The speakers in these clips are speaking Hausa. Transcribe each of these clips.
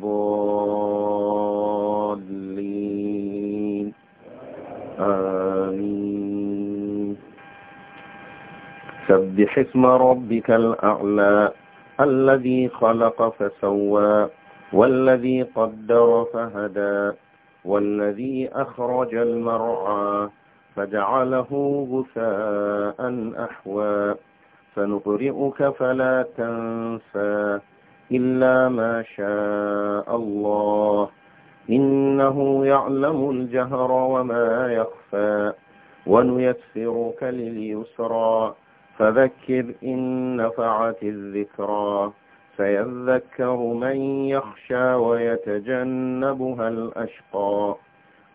الضالين آمين سبح اسم ربك الأعلى الذي خلق فسوى والذي قدر فهدى والذي أخرج المرعى فجعله غثاء أحوى سنقرئك فلا تنسى إلا ما شاء الله إنه يعلم الجهر وما يخفى ونيسرك لليسرى فذكر إن نفعت الذكرى سيذكر من يخشى ويتجنبها الأشقى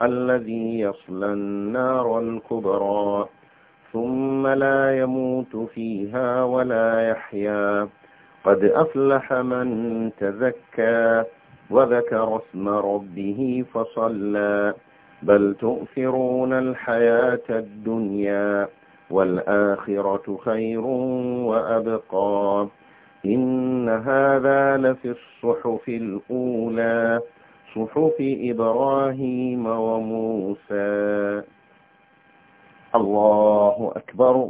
الذي يصلى النار الكبرى ثم لا يموت فيها ولا يحيا قد أفلح من تزكى وذكر اسم ربه فصلى بل تؤثرون الحياة الدنيا والآخرة خير وأبقى إن هذا لفي الصحف الأولى صحف إبراهيم وموسى الله أكبر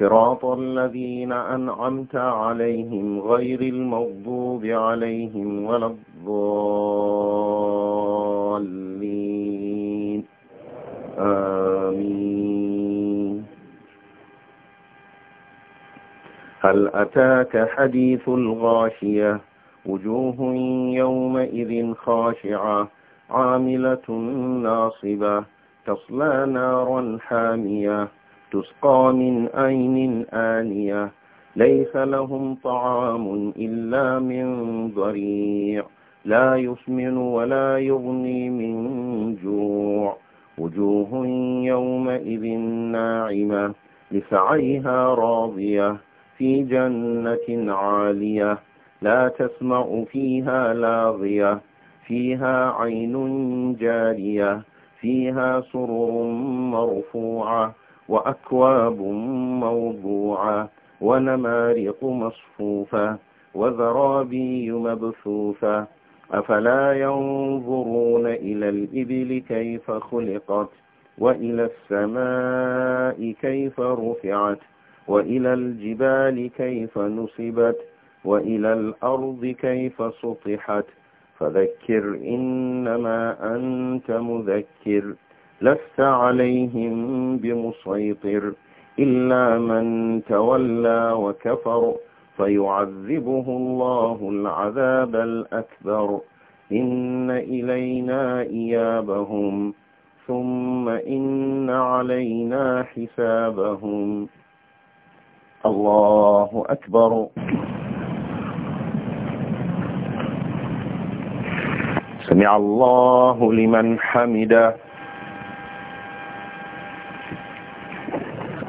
صراط الذين أنعمت عليهم غير المغضوب عليهم ولا الضالين آمين هل أتاك حديث الغاشية وجوه يومئذ خاشعة عاملة ناصبة تصلى نارا حامية تسقى من عين آنية ليس لهم طعام إلا من ضريع لا يسمن ولا يغني من جوع وجوه يومئذ ناعمة لسعيها راضية في جنة عالية لا تسمع فيها لاغية فيها عين جارية فيها سرر مرفوعة وأكواب موضوعة ونمارق مصفوفة وذرابي مبثوثة أفلا ينظرون إلى الإبل كيف خلقت وإلى السماء كيف رفعت وإلى الجبال كيف نصبت وإلى الأرض كيف سطحت فذكر إنما أنت مذكر لست عليهم بمسيطر إلا من تولى وكفر فيعذبه الله العذاب الأكبر إن إلينا إيابهم ثم إن علينا حسابهم الله أكبر سمع الله لمن حمده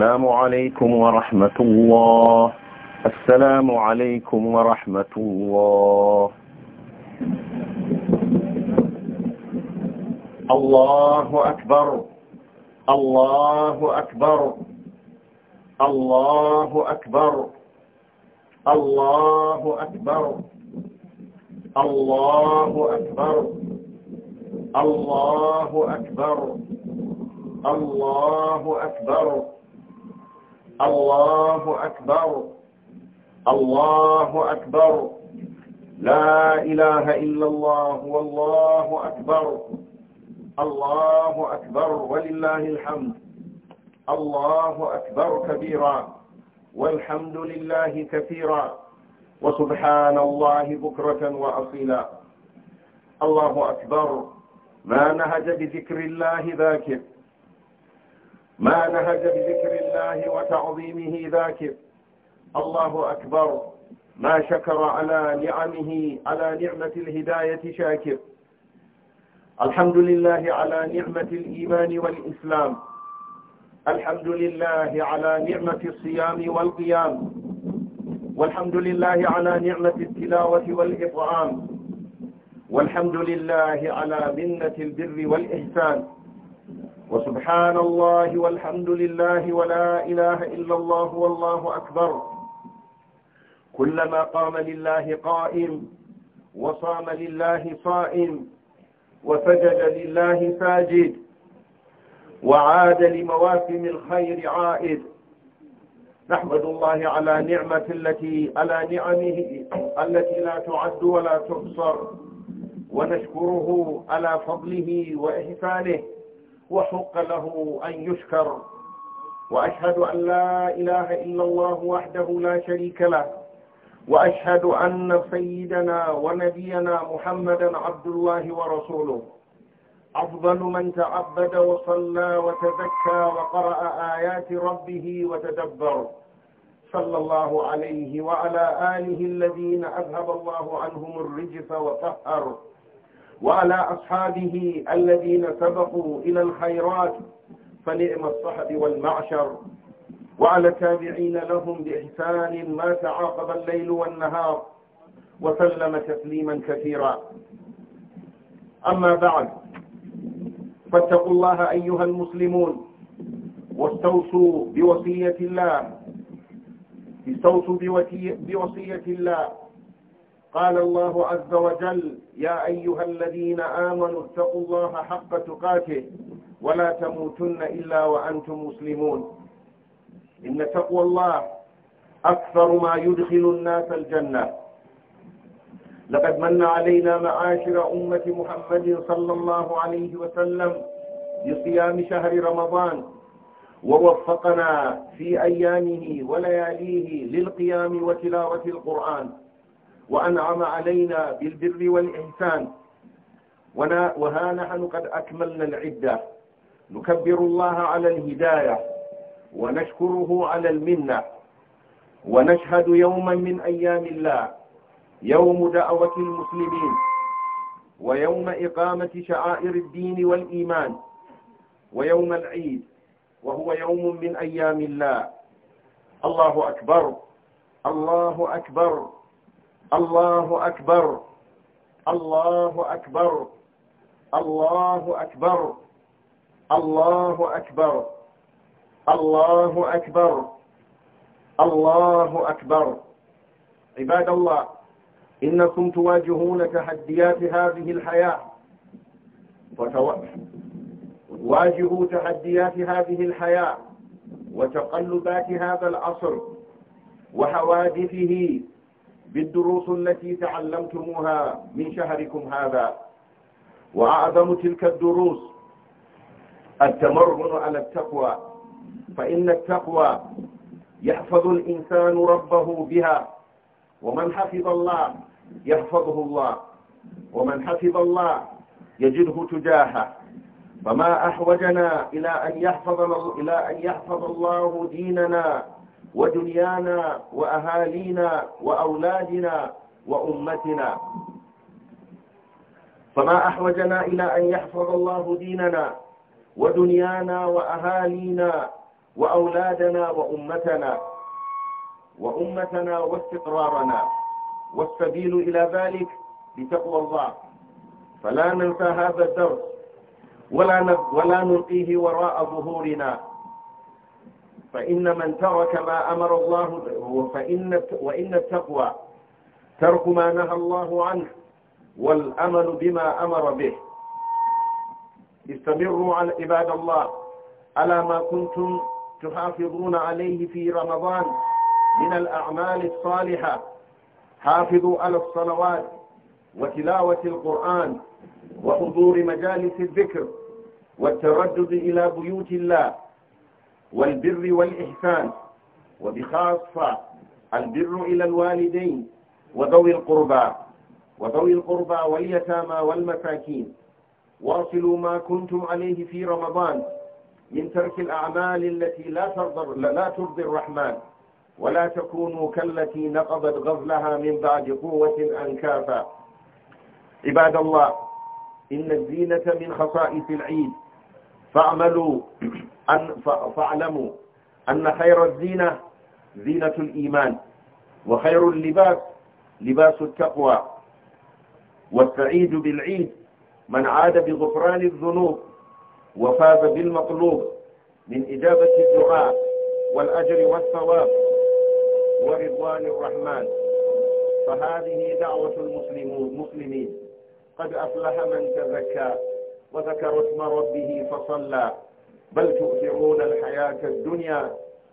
السلام عليكم ورحمة الله السلام عليكم ورحمة الله الله أكبر الله أكبر الله أكبر الله أكبر الله أكبر الله أكبر الله أكبر الله أكبر الله أكبر لا إله إلا الله والله أكبر الله أكبر ولله الحمد الله أكبر كبيرا والحمد لله كثيرا وسبحان الله بكرة وأصيلا الله أكبر ما نهج بذكر الله ذاكر ما نهج بذكر الله وتعظيمه ذاكر الله أكبر ما شكر على نعمه على نعمة الهداية شاكر الحمد لله على نعمة الإيمان والإسلام الحمد لله على نعمة الصيام والقيام والحمد لله على نعمة التلاوة والإطعام والحمد لله على منة البر والإحسان وسبحان الله والحمد لله ولا إله إلا الله والله أكبر كلما قام لله قائم وصام لله صائم وسجد لله ساجد وعاد لمواسم الخير عائد نحمد الله على نعمة التي على نعمه التي لا تعد ولا تحصر ونشكره على فضله وإحسانه وحق له أن يشكر وأشهد أن لا إله إلا الله وحده لا شريك له وأشهد أن سيدنا ونبينا محمدا عبد الله ورسوله أفضل من تعبد وصلى وتزكى وقرأ آيات ربه وتدبر صلى الله عليه وعلى آله الذين أذهب الله عنهم الرجس وطهر وعلى أصحابه الذين سبقوا إلى الخيرات فنعم الصحب والمعشر وعلى التابعين لهم بإحسان ما تعاقب الليل والنهار وسلم تسليما كثيرا أما بعد فاتقوا الله أيها المسلمون واستوصوا بوصية الله استوصوا بوصية الله قال الله عز وجل يا أيها الذين آمنوا اتقوا الله حق تقاته ولا تموتن إلا وأنتم مسلمون إن تقوى الله أكثر ما يدخل الناس الجنة لقد من علينا معاشر أمة محمد صلى الله عليه وسلم بصيام شهر رمضان ووفقنا في أيامه ولياليه للقيام وتلاوة القرآن وأنعم علينا بالبر والإحسان وها نحن قد أكملنا العدة نكبر الله على الهداية ونشكره على المنة ونشهد يوما من أيام الله يوم دعوة المسلمين ويوم إقامة شعائر الدين والإيمان ويوم العيد وهو يوم من أيام الله الله أكبر الله أكبر الله أكبر الله أكبر الله أكبر الله أكبر الله أكبر الله أكبر عباد الله إنكم تواجهون تحديات هذه الحياة واجهوا تحديات هذه الحياة وتقلبات هذا العصر وحوادثه بالدروس التي تعلمتموها من شهركم هذا وأعظم تلك الدروس التمرن على التقوى فإن التقوى يحفظ الإنسان ربه بها ومن حفظ الله يحفظه الله ومن حفظ الله يجده تجاهه فما أحوجنا إلى أن يحفظ, إلى أن يحفظ الله ديننا ودنيانا وأهالينا وأولادنا وأمتنا فما أحوجنا إلى أن يحفظ الله ديننا ودنيانا وأهالينا وأولادنا وأمتنا وأمتنا واستقرارنا والسبيل إلى ذلك بتقوى الله فلا ننسى هذا الدرس ولا ولا نلقيه وراء ظهورنا فإن من ترك ما أمر الله فإن وإن التقوى ترك ما نهى الله عنه والأمل بما أمر به استمروا على عباد الله على ما كنتم تحافظون عليه في رمضان من الأعمال الصالحة حافظوا على الصلوات وتلاوة القرآن وحضور مجالس الذكر والتردد إلى بيوت الله والبر والإحسان وبخاصة البر إلى الوالدين وذوي القربى وذوي القربى واليتامى والمساكين واصلوا ما كنتم عليه في رمضان من ترك الأعمال التي لا ترضى لا ترضي الرحمن ولا تكونوا كالتي نقضت غزلها من بعد قوة أنكافا عباد الله إن الزينة من خصائص العيد فاعملوا أن فاعلموا أن خير الزينة زينة الإيمان وخير اللباس لباس التقوى والسعيد بالعيد من عاد بغفران الذنوب وفاز بالمطلوب من إجابة الدعاء والأجر والثواب ورضوان الرحمن فهذه دعوة المسلمين قد أفلح من تزكى وذكر اسم ربه فصلى بل تؤثرون الحياة الدنيا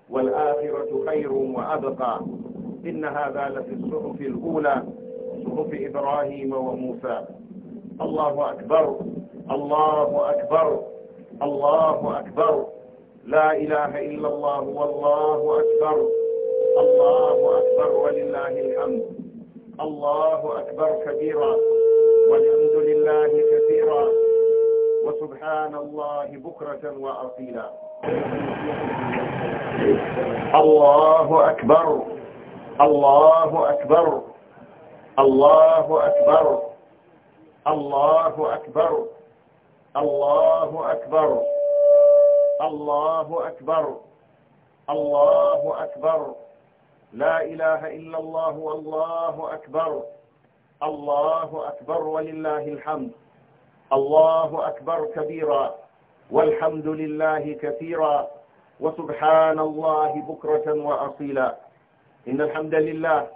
والآخرة خير وأبقى إن هذا لفي الصحف الأولى صحف إبراهيم وموسى الله أكبر الله أكبر الله أكبر لا إله إلا الله والله أكبر الله أكبر ولله الحمد الله أكبر كبيرا والحمد لله كثيرا وسبحان الله بكرة وأصيلا الله أكبر الله أكبر الله أكبر الله أكبر الله أكبر الله أكبر الله أكبر لا إله إلا الله والله أكبر الله أكبر ولله الحمد الله أكبر كبيرا والحمد لله كثيرا وسبحان الله بكرة وأصيلا إن الحمد لله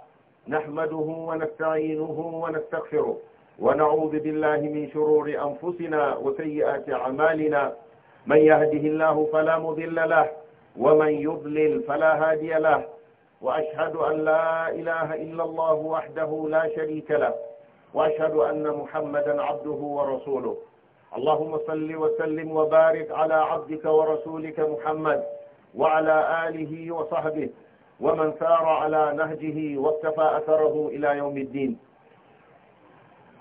نحمده ونستعينه ونستغفره ونعوذ بالله من شرور أنفسنا وسيئات أعمالنا من يهده الله فلا مضل له ومن يضلل فلا هادي له وأشهد أن لا إله إلا الله وحده لا شريك له وأشهد أن محمدا عبده ورسوله اللهم صل وسلم وبارك على عبدك ورسولك محمد وعلى آله وصحبه ومن سار على نهجه واكتفى أثره إلى يوم الدين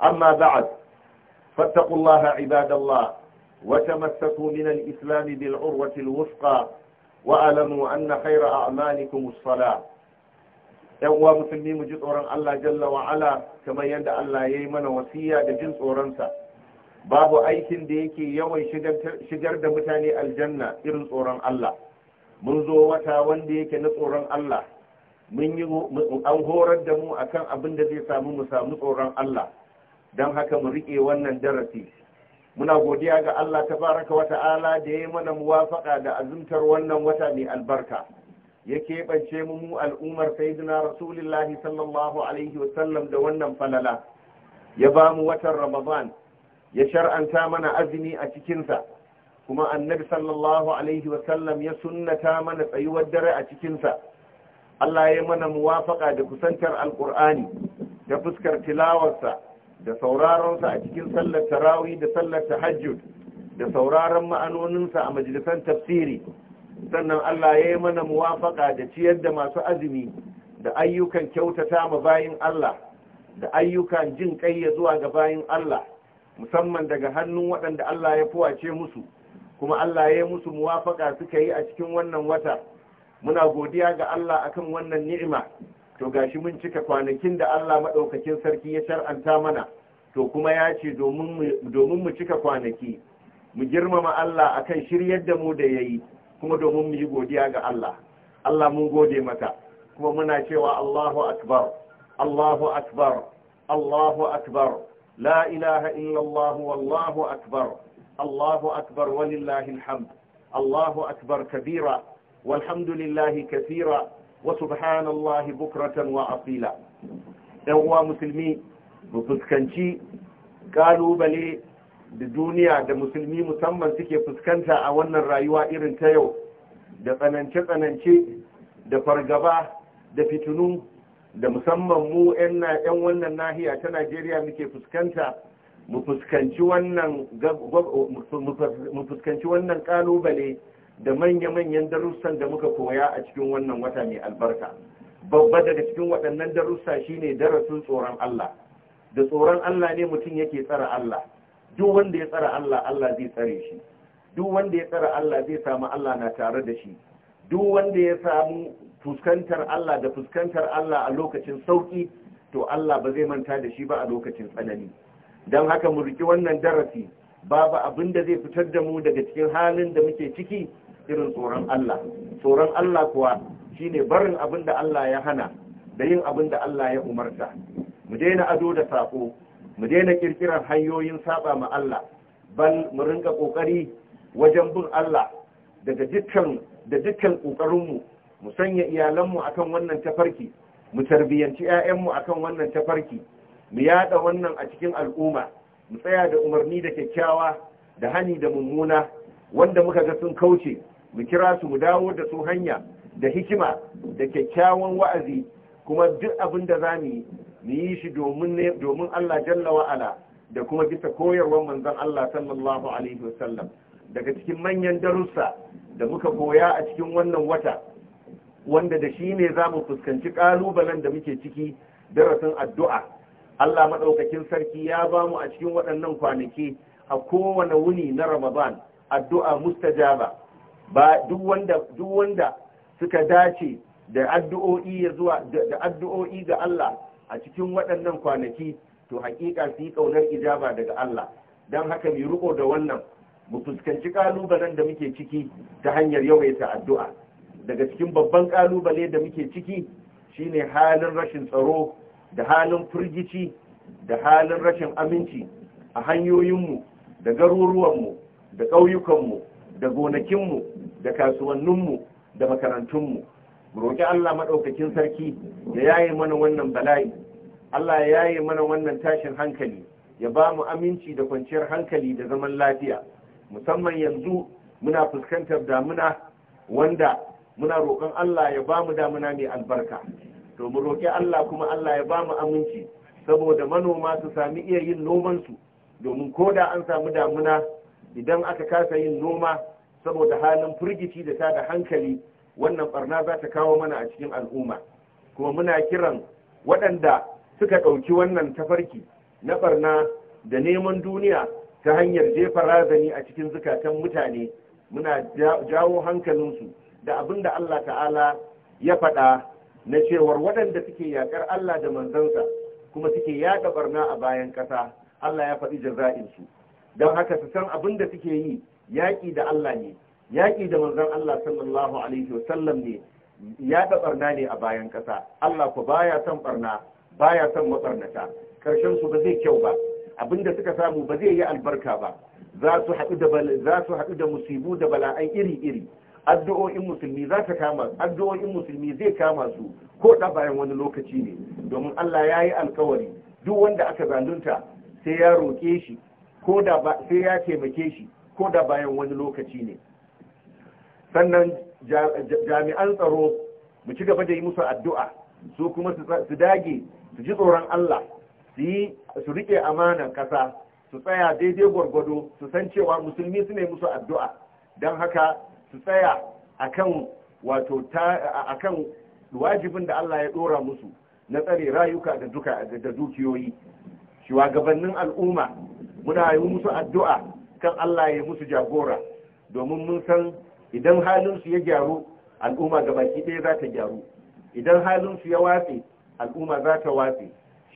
أما بعد فاتقوا الله عباد الله وتمسكوا من الإسلام بالعروة الوثقى وألموا أن خير أعمالكم الصلاة yan uwa musulmi mu ji tsoron Allah jalla wa ala kamar yadda Allah ya yi mana wasiya da jin tsoronsa babu aikin da yake yawan shigar da mutane aljanna irin tsoron Allah mun zo wata wanda yake na tsoron Allah mun yi an horar da mu akan abin da zai samu mu samu tsoron Allah don haka mu rike wannan darasi muna godiya ga Allah tabaraka wa ta'ala da ya yi mana muwafaka da azumtar wannan wata mai albarka ya keɓance mu al'ummar sayyidina rasulullahi sallallahu alaihi wasallam da wannan falala ya ba mu watan ramadan ya shar'anta mana azumi a cikinsa kuma annabi sallallahu alaihi wasallam ya sunnata mana tsayuwar dare a cikinsa Allah ya mana muwafaka da kusantar alkur'ani da fuskar tilawarsa da sauraronsa a cikin sallar tarawih da sallar tahajjud da sauraron ma'anoninsa a majalisan tafsiri sannan Allah ya yi mana muwafaka da ciyar da masu azumi da ayyukan kyautata ma bayin Allah da ayyukan jin kai ya zuwa ga bayin Allah musamman daga hannun waɗanda Allah ya fuwace musu kuma Allah ya yi musu muwafaka suka yi a cikin wannan wata muna godiya ga Allah akan wannan ni'ima to gashi mun cika kwanakin da Allah maɗaukakin sarki ya shar'anta mana to kuma ya ce domin mu cika kwanaki mu girmama Allah akan shiryar da mu da yayi kuma domin mu yi godiya ga Allah Allah mun gode mata, kuma muna cewa Allahu akbar Allahu akbar Allahu akbar la ilaha illallah wallahu akbar Allahu akbar walillahi alhamd Allahu akbar kabira walhamdulillahi kathira wa subhanallahi bukratan wa asila ɗan uwa musulmi mu fuskanci kalubale da duniya da musulmi musamman suke fuskanta a wannan rayuwa irin ta yau da tsanance-tsanance da fargaba da fitinu da musamman mu 'yan wannan nahiya ta najeriya muke fuskanta mu fuskanci wannan kalubale da manya-manyan darussan da muka koya a cikin wannan wata mai albarka babba daga cikin waɗannan darussa shine darasin tsoron Allah da tsoron Allah ne mutum yake tsara Allah duk wanda ya tsara Allah Allah zai tsare shi duk wanda ya tsara Allah zai samu Allah na tare da shi duk wanda ya samu fuskantar Allah da fuskantar Allah a lokacin sauki to Allah ba zai manta da shi ba a lokacin tsanani don haka mu riki wannan darasi babu abin da zai fitar da mu daga cikin halin da muke ciki irin tsoron Allah tsoron Allah kuwa shine barin abin da Allah ya hana da yin abin da Allah ya umarta mu daina ado da saƙo. mu daina kirkirar hanyoyin saba ma Allah bal mu rinka kokari wajen bin Allah daga dukkan da dukkan kokarinmu mu sanya iyalanmu akan wannan tafarki mu tarbiyanci 'ya'yanmu akan wannan tafarki mu yada wannan a cikin al'umma mu tsaya da umarni da kyakkyawa da hani da mummuna wanda muka ga sun kauce mu kira su mu dawo da su hanya da hikima da kyakkyawan wa'azi kuma duk abin da zamu yi mu yi shi domin Allah jalla wa'ala da kuma bisa koyarwar manzon Allah sallallahu alaihi wasallam daga cikin manyan darussa da muka goya a cikin wannan wata wanda da shi ne za mu fuskanci ƙalubalen da muke ciki darasin addu'a Allah maɗaukakin sarki ya ba mu a cikin waɗannan kwanaki a kowane wuni na ramadan addu'a mustajaba ba duk wanda suka dace da addu'o'i ya zuwa da addu'o'i ga Allah a cikin waɗannan kwanaki to haƙiƙa su yi ƙaunar ijaba daga Allah don haka mai riƙo da wannan mu fuskanci kalubalen da muke ciki ta hanyar yawaita addu'a daga cikin babban kalubale da muke ciki shine halin rashin tsaro da halin firgici da halin rashin aminci a hanyoyinmu da garuruwanmu da ƙauyukanmu da gonakinmu da kasuwanninmu da makarantunmu Mu roƙi Allah maɗaukakin sarki ya yaye mana wannan bala'i Allah ya yaye mana wannan tashin hankali ya ba mu aminci da kwanciyar hankali da zaman lafiya musamman yanzu muna fuskantar damuna wanda muna roƙon Allah ya ba mu damuna mai albarka to mu roƙi Allah kuma Allah ya ba mu aminci saboda manoma su sami iya yin nomansu domin ko da an samu damuna idan aka kasa yin noma saboda halin firgici da ta da hankali wannan barna za ta kawo mana a cikin al'umma kuma muna kiran waɗanda suka ɗauki wannan tafarki na barna da neman duniya ta hanyar jefa razani a cikin zukatan mutane muna jawo hankalinsu da abin da Allah ta'ala ya faɗa na cewar waɗanda suke yaƙar Allah da manzansa kuma suke yaɗa barna a bayan ƙasa Allah ya faɗi jaza'insu don haka su san abin da suke yi yaƙi da Allah ne yaƙi da manzan Allah sallallahu alaihi wasallam ne yaɗa barna ne a bayan ƙasa Allah ku baya son barna baya son maɓarnata. Ƙarshen su ba zai kyau ba abinda suka samu ba zai yi albarka ba za su haɗu da musibu da bala'ai iri-iri addu'o'in musulmi za ta kama addu'o'in musulmi zai kama su ko da bayan wani lokaci ne domin Allah ya yi alkawari duk wanda aka zalunta sai ya roƙe shi ko da sai ya taimake shi ko da bayan wani lokaci ne sannan jami'an tsaro mu ci gaba da yi musu addu'a su kuma su dage su ji tsoron Allah su rike amanar ƙasa su tsaya daidai gwargwado su san cewa musulmi su ne musu addu'a don haka su tsaya akan wato wajibin da Allah ya ɗora musu na tsare rayuka da duka da dukiyoyi shugabannin al'umma muna yi musu addu'a kan Allah ya musu jagora domin mun san idan halin su ya gyaru al'umma gabaki ɗaya za ta gyaru idan halin su ya watse al'umma za ta watse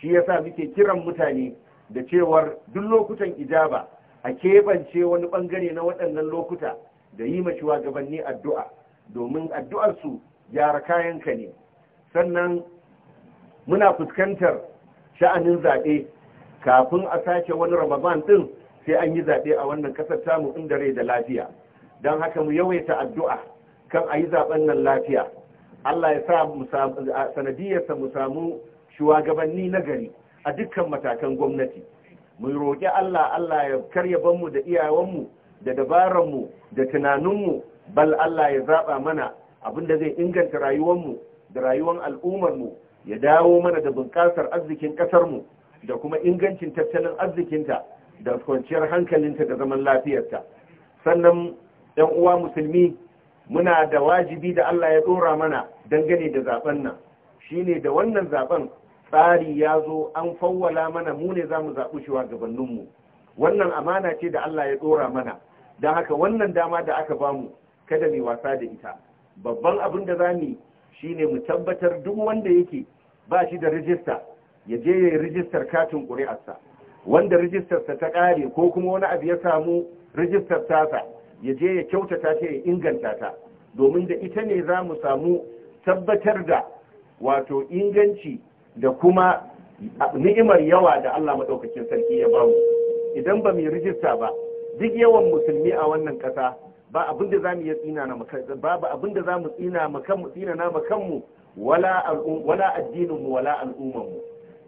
shi yasa muke kiran mutane da cewar duk lokutan ijaba a keɓance wani ɓangare na waɗannan lokuta da yi mashi gabanni addu'a domin addu'arsu gyara kayanka ne sannan muna fuskantar sha'anin zaɓe kafin a sake wani ramadan ɗin sai an yi zaɓe a wannan ƙasar tamu inda rai da lafiya don haka mu yawaita addu'a kan a yi zaɓen nan lafiya Allah ya sa sanadiyarsa mu samu shugabanni na gari a dukkan matakan gwamnati mu roƙi Allah Allah ya karya banmu da mu da dabaranmu da tunaninmu bal Allah ya zaba mana abin da zai inganta rayuwarmu da rayuwar mu ya dawo mana da bunƙasar arzikin ƙasarmu da kuma ingancin tattalin arzikinta da kwanciyar hankalinta da zaman lafiyarta sannan yan uwa musulmi muna da wajibi da Allah ya ɗora mana dangane da zaben nan shine da wannan zaben tsari ya zo an fawwala mana mu ne za mu zaɓi shi wa mu wannan amana ce da Allah ya ɗora mana don haka wannan dama da aka bamu kada mai wasa da ita babban abin da za mu shi ne mu tabbatar duk wanda yake ba shi da rijista ya je ya yi rijistar katin ƙuri'arsa wanda rijistarsa ta ƙare ko kuma wani abu ya samu rijistar tasa ya je ya kyautata ta ya inganta ta domin da ita ne za mu samu tabbatar da wato inganci da kuma ni'imar yawa da Allah maɗaukakin sarki ya bamu idan ba mu yi rijista ba duk yawan musulmi a wannan ƙasa ba abin da zamu tsina na ba abin da zamu tsina mu kan mu tsina na kan mu wala wala addinin mu wala al'umman mu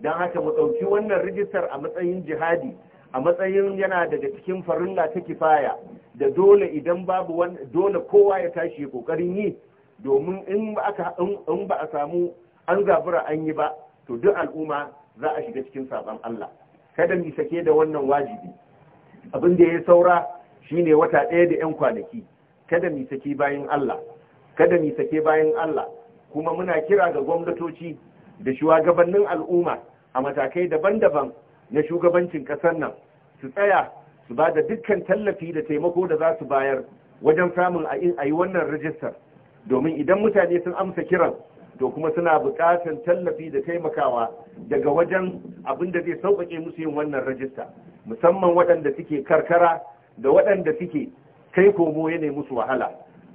dan haka mu dauki wannan rijistar a matsayin jihadi a matsayin yana daga cikin farilla ta kifaya da dole idan babu dole kowa ya tashi kokarin yi domin in ba aka in ba a samu an zabura an yi ba to duk al'umma za a shiga cikin sabon Allah kada mu sake da wannan wajibi abin da ya saura shine wata ɗaya da yan kwanaki kada mu sake bayan Allah kada mu sake bayan Allah kuma muna kira ga gwamnatoci da shugabannin al'umma a matakai daban-daban na shugabancin ƙasar nan su tsaya su ba da dukkan tallafi da taimako da za su bayar wajen samun a yi wannan rajistar domin idan mutane sun amsa kiran to kuma suna buƙatar tallafi da taimakawa daga wajen abin da zai sauƙaƙe musu yin wannan rajista musamman waɗanda suke karkara da waɗanda suke kai komo ya musu wahala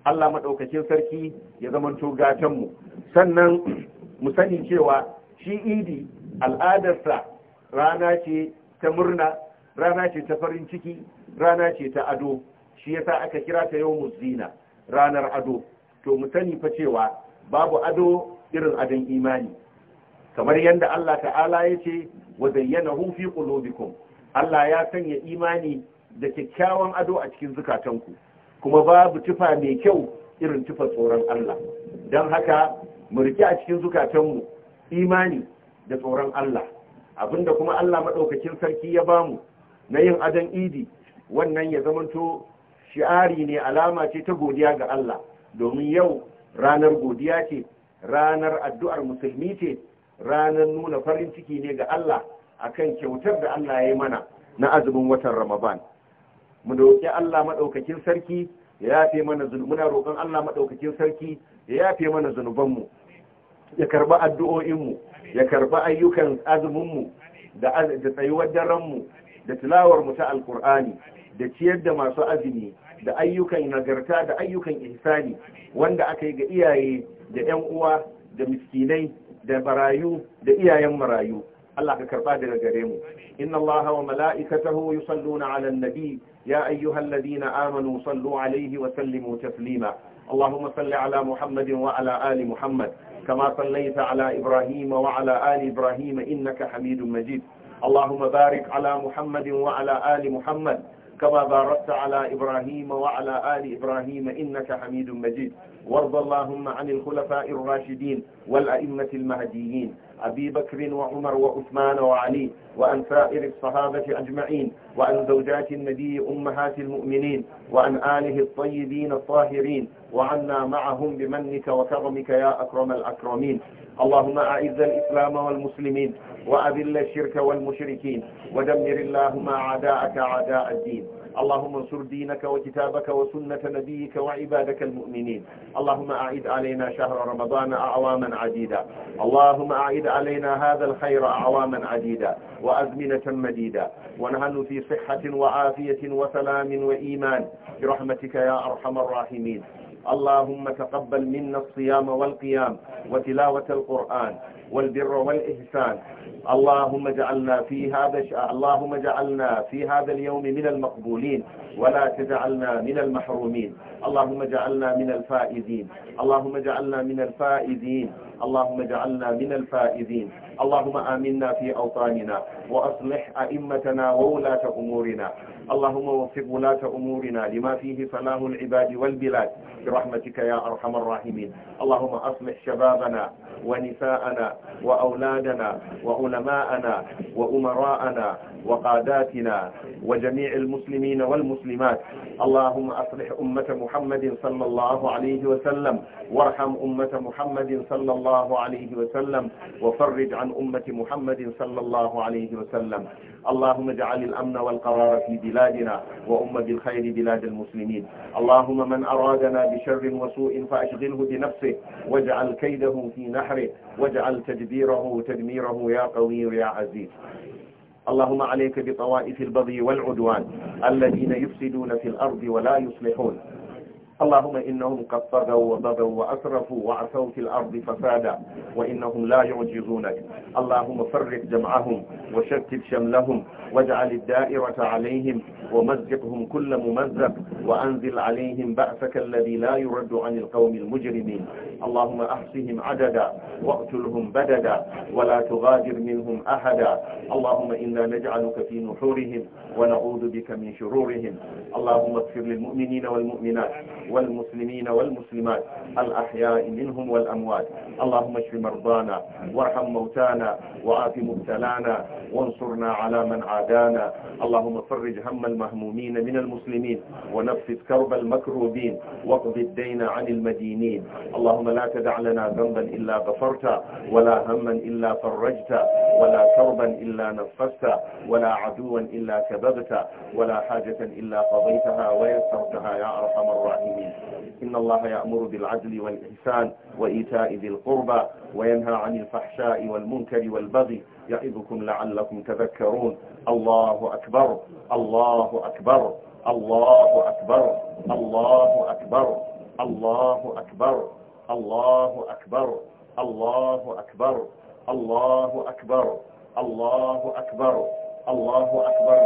Allah maɗaukacin sarki ya zamanto gatanmu sannan mu sani cewa shi idi al'adarsa rana ce ta murna rana ce ta farin ciki rana ce ta ado shi yasa aka kira ta yau zina ranar ado to mu sani fa cewa babu ado irin adon imani kamar yadda Allah ta'ala ya ce wa zayyanahu fi qulubikum Allah ya sanya imani da kyakkyawan ado a cikin zukatanku kuma babu tufa mai kyau irin tufa tsoron Allah don haka mu rike a cikin zukatanmu imani da tsoron Allah abinda kuma Allah maɗaukakin sarki ya bamu na yin adon idi wannan ya zamanto shi'ari ne alama ce ta godiya ga Allah domin yau ranar godiya ce ranar addu'ar musulmi ce ranar nuna farin ciki ne ga Allah a kan kyautar da Allah ya yi mana na azumin watan Ramadan mu doki Allah maɗaukakin sarki ya yafe mana muna roƙon Allah maɗaukakin sarki ya yafe mana zunubanmu ya karɓi addu'o'inmu ya karɓi ayyukan azuminmu da tsayuwar daren mu da tilawar mu ta Alƙur'ani da ciyar da masu azumi da ayyukan nagarta da ayyukan insani wanda aka yi ga iyaye da ƴan uwa da miskinai da barayu da iyayen marayu Allah ka karba daga gare mu inna Allah wa mala'ikatahu yusalluna 'alan nabi ya ayyuhalladhina amanu sallu 'alayhi wa sallimu taslima اللهم صل على محمد وعلى آل محمد كما صليت على إبراهيم وعلى آل إبراهيم إنك حميد مجيد اللهم بارك على محمد وعلى آل محمد كما باركت على إبراهيم وعلى آل إبراهيم إنك حميد مجيد وارض اللهم عن الخلفاء الراشدين والأئمة المهديين أبي بكر وعمر وعثمان وعلي وأن سائر الصحابة أجمعين وأن زوجات النبي أمهات المؤمنين وأن آله الطيبين الطاهرين وعنا معهم بمنك وكرمك يا أكرم الأكرمين اللهم أعز الإسلام والمسلمين وأذل الشرك والمشركين ودمر اللهم أعداءك أعداء الدين اللهم انصر دينك وكتابك وسنة نبيك وعبادك المؤمنين اللهم أعيد علينا شهر رمضان أعواما عديدة اللهم أعيد علينا هذا الخير أعواما عديدة وأزمنة مديدة ونحن في صحة وعافية وسلام وإيمان برحمتك يا أرحم الراحمين اللهم تقبل منا الصيام والقيام وتلاوة القرآن والبر والإحسان اللهم اجعلنا في هذا ش... اللهم اجعلنا في هذا اليوم من المقبولين ولا تجعلنا من المحرومين اللهم اجعلنا من الفائزين اللهم اجعلنا من الفائزين اللهم اجعلنا من الفائزين اللهم آمنا في أوطاننا وأصلح أئمتنا وولاة أمورنا اللهم وفق ولاة أمورنا لما فيه صلاح العباد والبلاد برحمتك يا أرحم الراحمين اللهم أصلح شبابنا ونساءنا وأولادنا وعلماءنا وأمراءنا وقاداتنا وجميع المسلمين والمسلمات اللهم أصلح أمة محمد صلى الله عليه وسلم وارحم أمة محمد صلى الله عليه وسلم وفرج عن أمة محمد صلى الله عليه وسلم اللهم اجعل الأمن والقرار في بلادنا وأم بالخير بلاد المسلمين اللهم من أرادنا بشر وسوء فأشغله بنفسه واجعل كيده في نحره وسحره واجعل تدبيره تدميره يا قوي يا عزيز اللهم عليك بطوائف البغي والعدوان الذين يفسدون في الأرض ولا يصلحون اللهم إنهم قد طغوا وبغوا وأسرفوا وعثوا في الأرض فسادا وإنهم لا يعجزونك اللهم فرق جمعهم وشتت شملهم واجعل الدائرة عليهم ومزقهم كل ممزق وأنزل عليهم بأسك الذي لا يرد عن القوم المجرمين اللهم أحصهم عددا واقتلهم بددا ولا تغادر منهم أحدا اللهم إنا نجعلك في نحورهم ونعوذ بك من شرورهم اللهم اغفر للمؤمنين والمؤمنات والمسلمين والمسلمات الأحياء منهم والأموات اللهم اشف مرضانا وارحم موتانا وعاف مبتلانا وانصرنا على من عادانا اللهم فرج هم المهمومين من المسلمين ونفس كرب المكروبين واقض الدين عن المدينين اللهم لا تدع لنا ذنبا إلا غفرت ولا هما إلا فرجته ولا كربا إلا نفسته ولا عدوا إلا كببته ولا حاجة إلا قضيتها ويسرتها يا أرحم الراحمين إن الله يأمر بالعدل والإحسان وإيتاء ذي القربى وينهى عن الفحشاء والمنكر والبغي يعظكم لعلكم تذكرون الله أكبر الله أكبر الله أكبر الله أكبر الله أكبر الله أكبر الله أكبر الله أكبر الله أكبر الله أكبر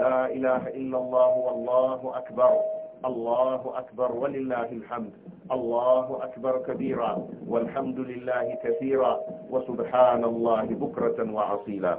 لا إله إلا الله والله أكبر الله أكبر ولله الحمد الله أكبر كبيرا والحمد لله كثيرا وسبحان الله بكرة وعصيلا